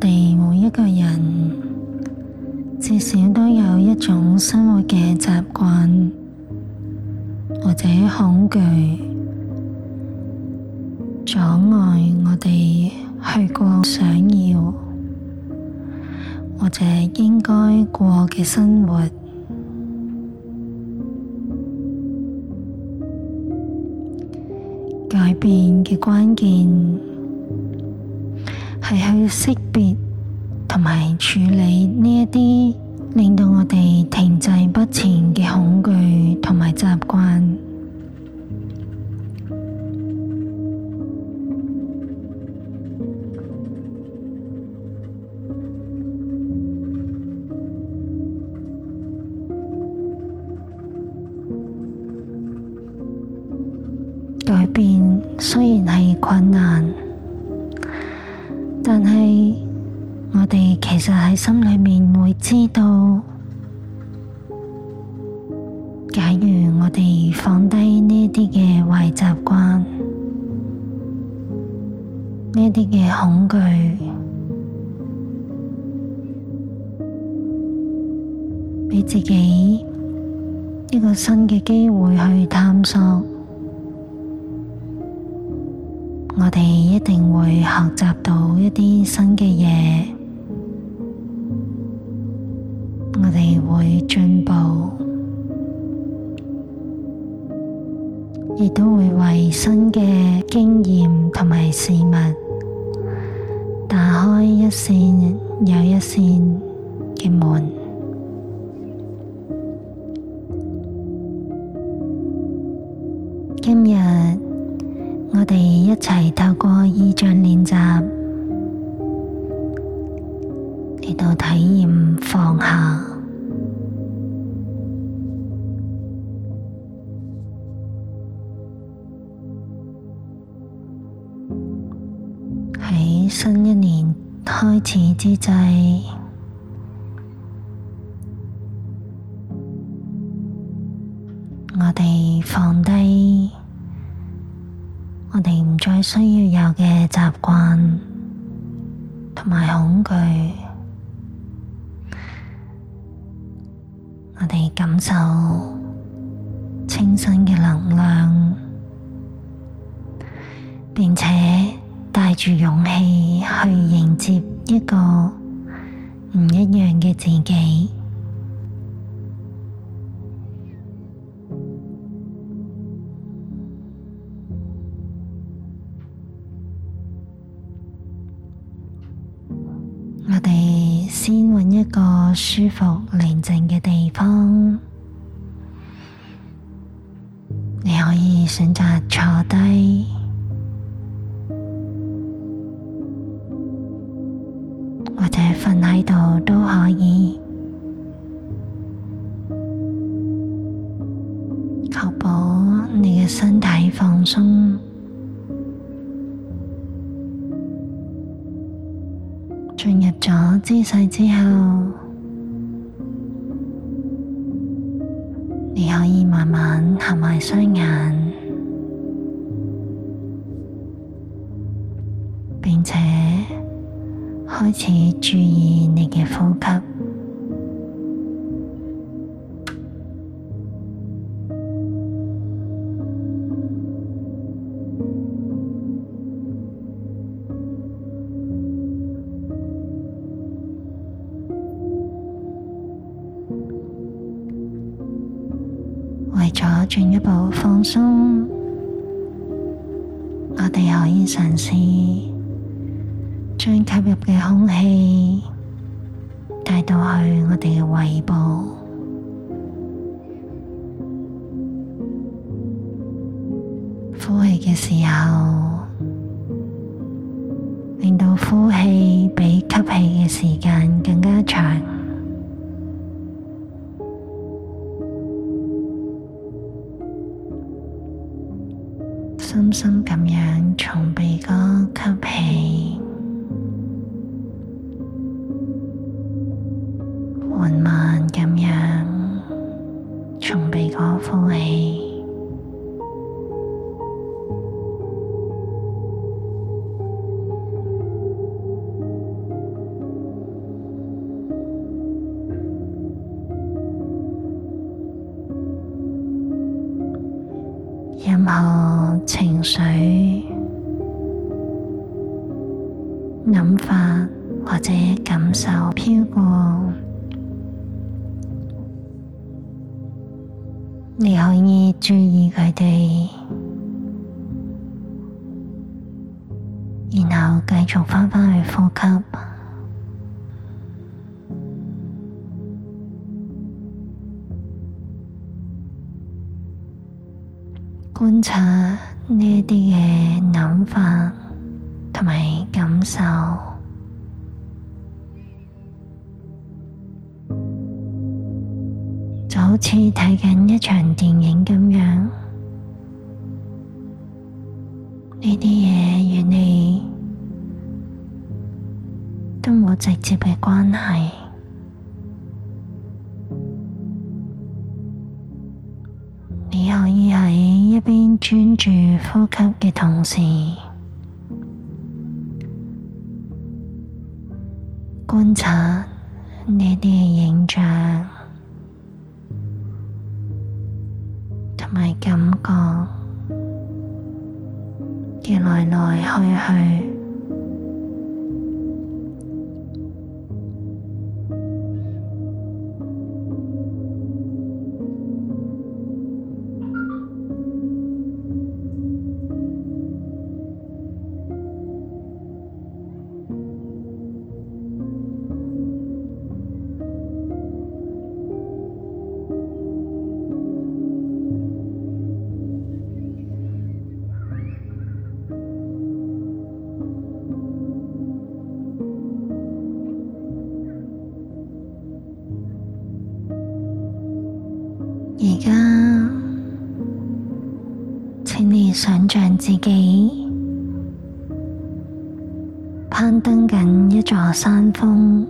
我哋每一個人，至少都有一種生活嘅習慣，或者恐懼，阻礙我哋去過想要或者應該過嘅生活，改變嘅關鍵。係去識別同埋處理呢一啲令到我哋停滯不前嘅恐懼同埋習慣。改變 雖然係困難。其實喺心裏面會知道，假如我哋放低呢啲嘅壞習慣，呢啲嘅恐懼，俾自己一個新嘅機會去探索，我哋一定會學習到一啲新嘅嘢。會進步，亦都會為新嘅經驗同埋事物打開一扇又一扇嘅門。今日我哋一齊透過意象練習，嚟到體驗放下。此之際，我哋放低我哋唔再需要有嘅習慣同埋恐懼，我哋感受清新嘅能量，並且帶住勇氣去迎接。一個唔一樣嘅自己。我哋先揾一個舒服、寧靜嘅地方，你可以選擇坐低。度都可以確保你嘅身體放鬆，進入咗姿勢之後，你可以慢慢合埋雙眼，並且開始注意嘅呼吸，為咗進一步放鬆，我哋可以嘗試將吸入嘅空氣。到去我哋嘅胃部，呼氣嘅時候，令到呼氣比吸氣嘅時間更加長，深深咁樣從鼻哥吸氣。任何情緒、諗法或者感受飄過，你可以注意佢哋，然後繼續翻返去呼吸。觀察呢啲嘅諗法同埋感受，就好似睇緊一場電影咁樣，呢啲嘢，與你都冇直接嘅關係。專注呼吸嘅同時，觀察你哋嘅影像。像自己攀登緊一座山峰，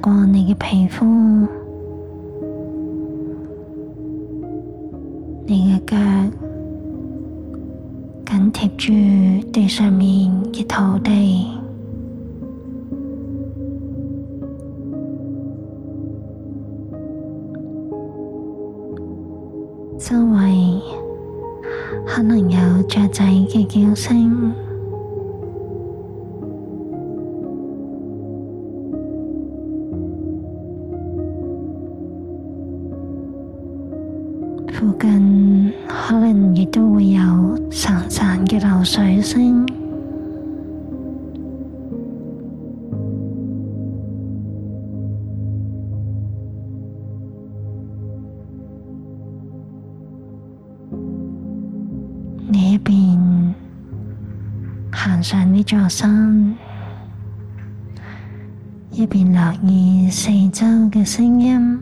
過你嘅皮膚，你嘅腳緊貼住地上面嘅土地，周圍可能有雀仔嘅叫聲。你一邊行上呢座山，一邊留意四周嘅聲音。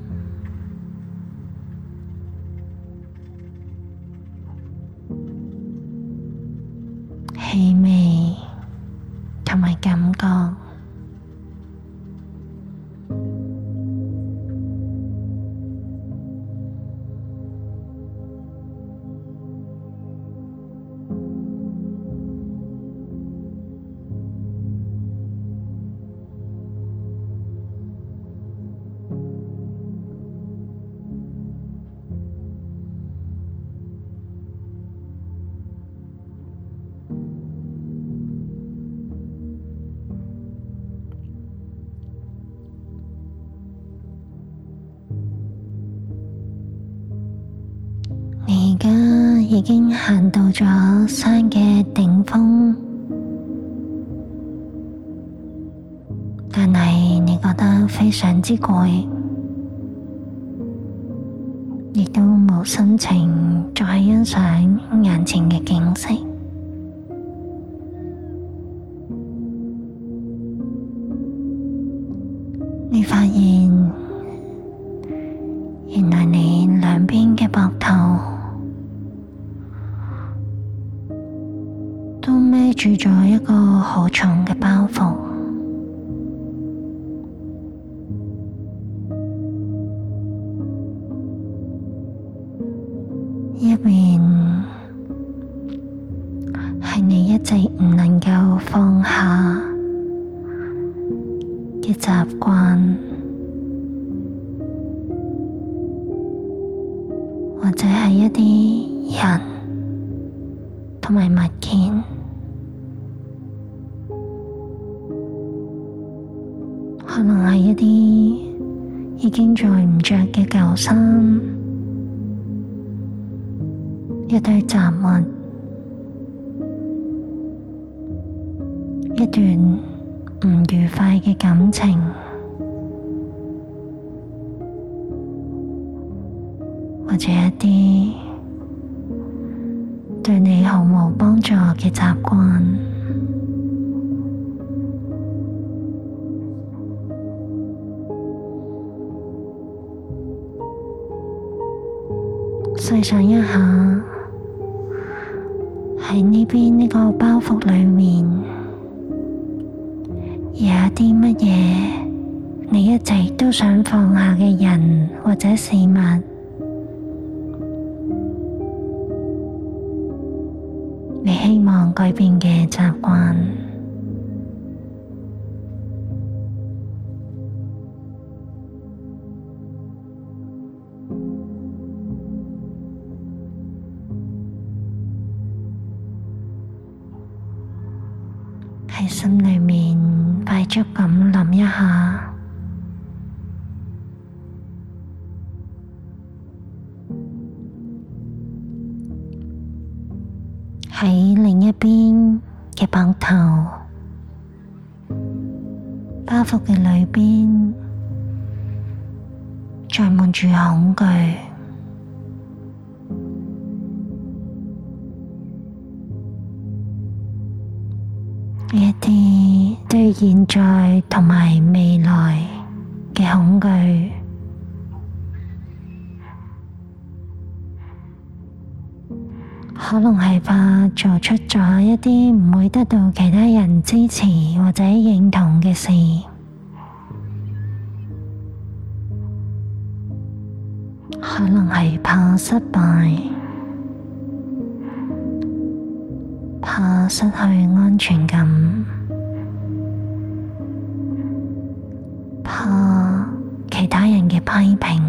而家已經行到咗山嘅頂峰，但係你覺得非常之攰，亦都冇心情再欣賞眼前嘅景色。係、嗯、你一直唔能夠放下嘅習慣，或者係一啲人，同埋物件，可能係一啲已經再唔着嘅舊衫。一堆對雜物，一段唔愉快嘅感情，或者一啲對你毫無幫助嘅習慣，細想一下。喺呢邊呢個包袱裏面，有啲乜嘢，你一直都想放下嘅人或者事物，你希望改變嘅習慣。喺另一邊嘅膊頭包袱嘅裏邊，載滿住恐懼，一啲 對現在同埋未來嘅恐懼。可能係怕做出咗一啲唔會得到其他人支持或者認同嘅事，可能係怕失敗，怕失去安全感，怕其他人嘅批評。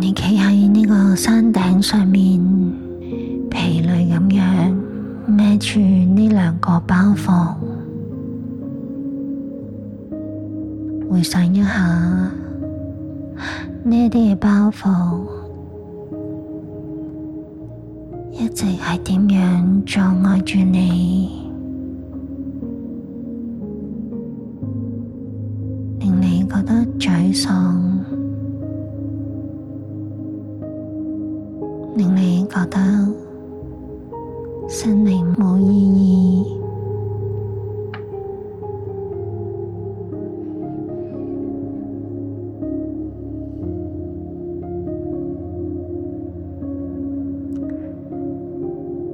你企喺呢個山頂上面，疲累咁樣孭住呢兩個包袱，回想一下呢啲嘅包袱，一直係點樣阻礙住你？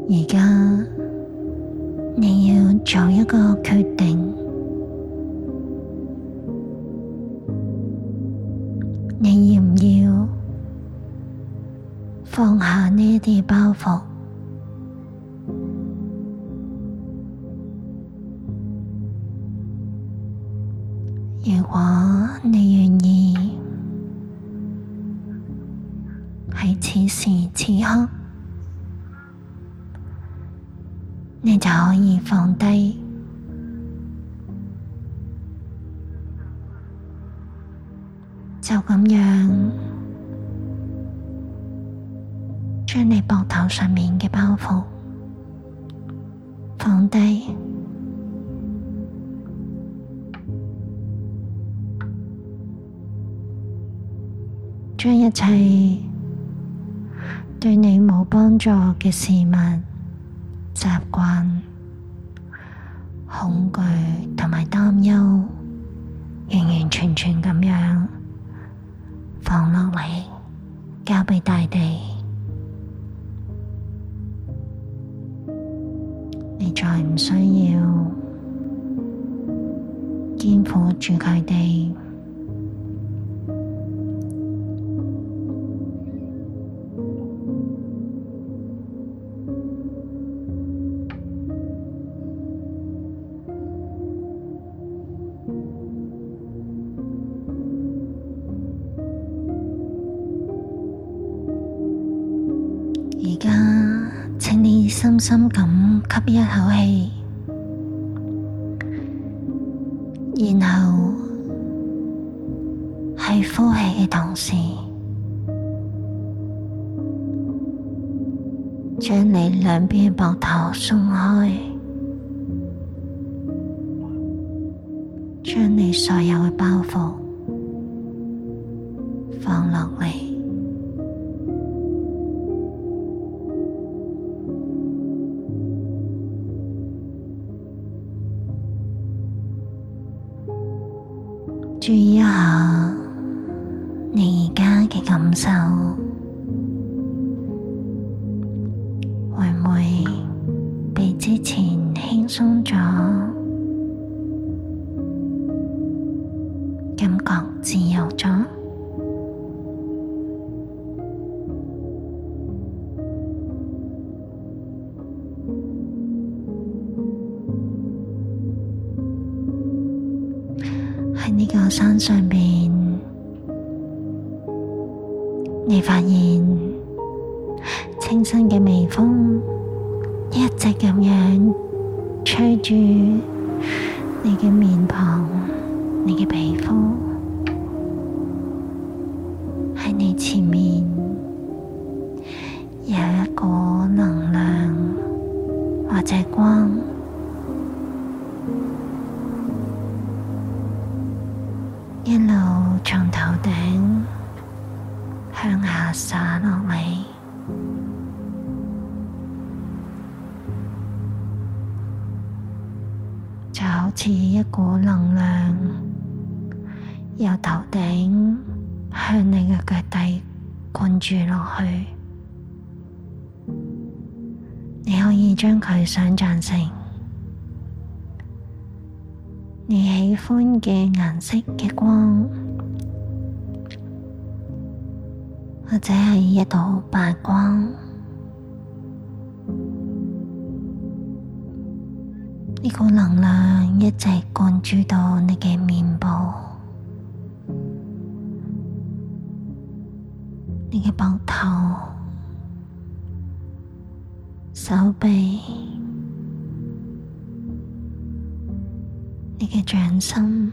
而家你要做一個決定，你要唔要放下呢啲包袱？將一切對你冇幫助嘅事物、習慣、恐懼同埋擔憂，完完全全咁樣放落嚟，交俾大地。你再唔需要肩負住佢哋。而家，請你深深咁吸一口氣，然後喺呼氣嘅同時，將你兩邊嘅膊頭鬆開，將你所有嘅包袱。向下灑落嚟，就好似一股能量由頭頂向你嘅腳底灌注落去。你可以將佢想象成你喜歡嘅顏色嘅光。或者係一道白光，呢 個能量一直灌注到你嘅面部、 你嘅膊頭、 手臂、 你嘅掌心。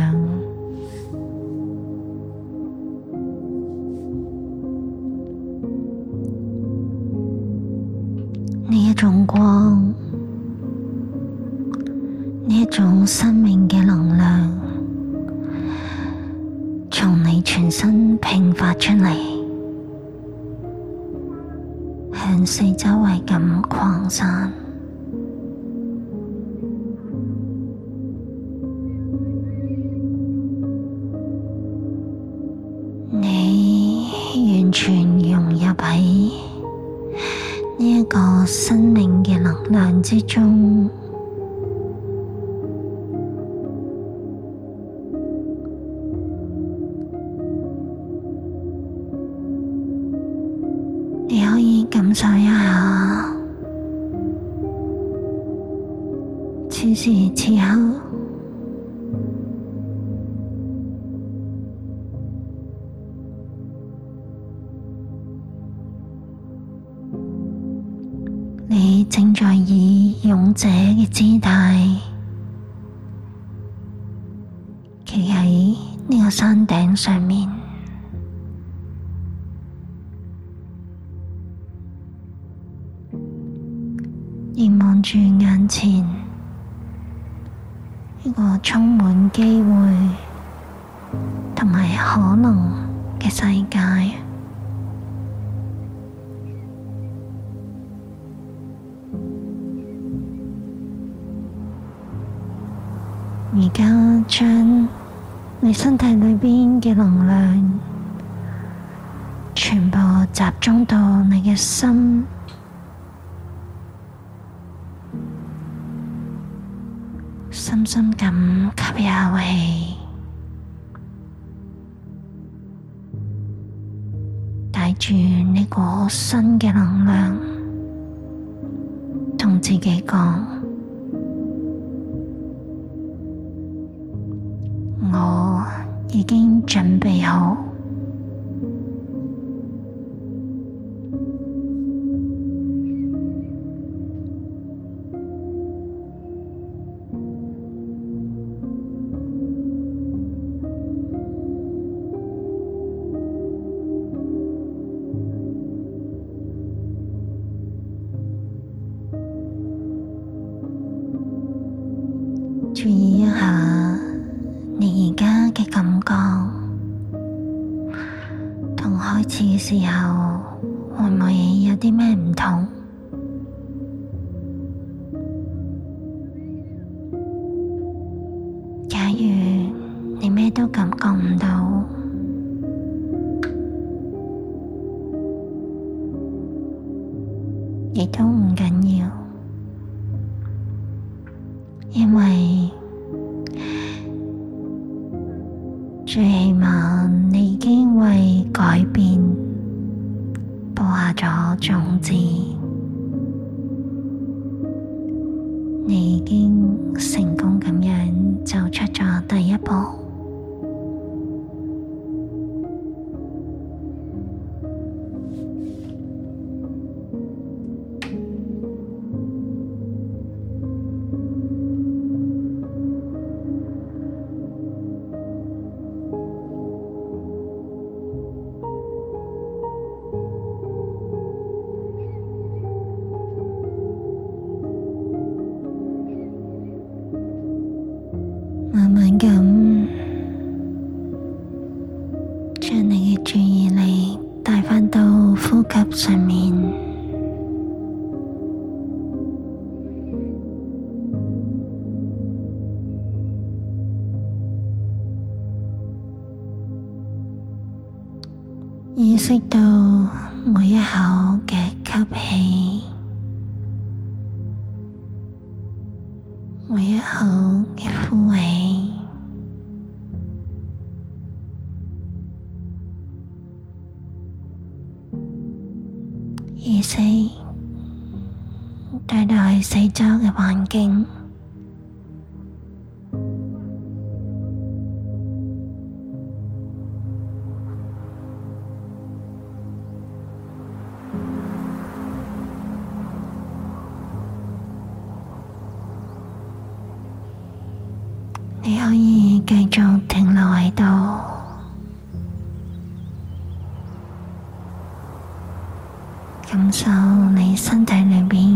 完全融入喺呢一個生命嘅能量之中。凝望住眼前呢個充滿機會同埋可能嘅世界，而家將你身體裏邊嘅能量全部集中到你嘅心。深深吸一口氣，帶住呢個新嘅能量，同自己講：我已經準備好。亦都唔緊要，因為最起碼你已經為改變播下咗種子，你已經成功咁樣走出咗第一步。慢慢咁，將你嘅注意力帶返到呼吸上面，意識到每一口嘅吸氣。繼續停留喺度，感受你身體裏面。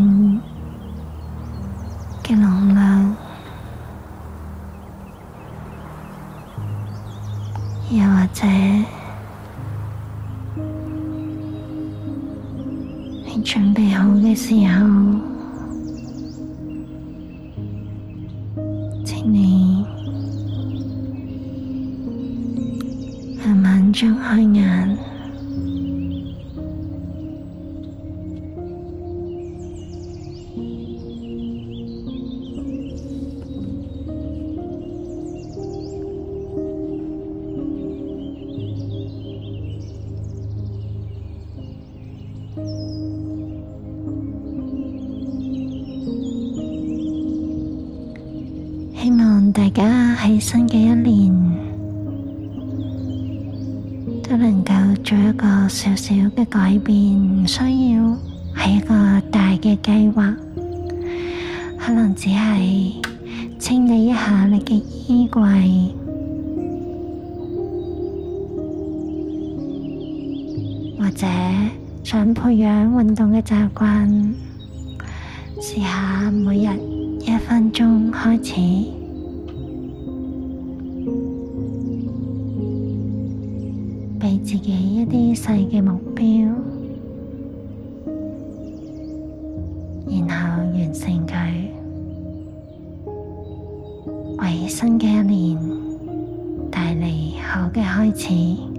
而家喺新嘅一年，都能夠做一個少少嘅改變，唔需要係一個大嘅計劃，可能只係清理一下你嘅衣櫃，或者想培養運動嘅習慣，試下每日一分鐘開始。自己一啲細嘅目標，然後完成佢，為新嘅一年帶嚟好嘅開始。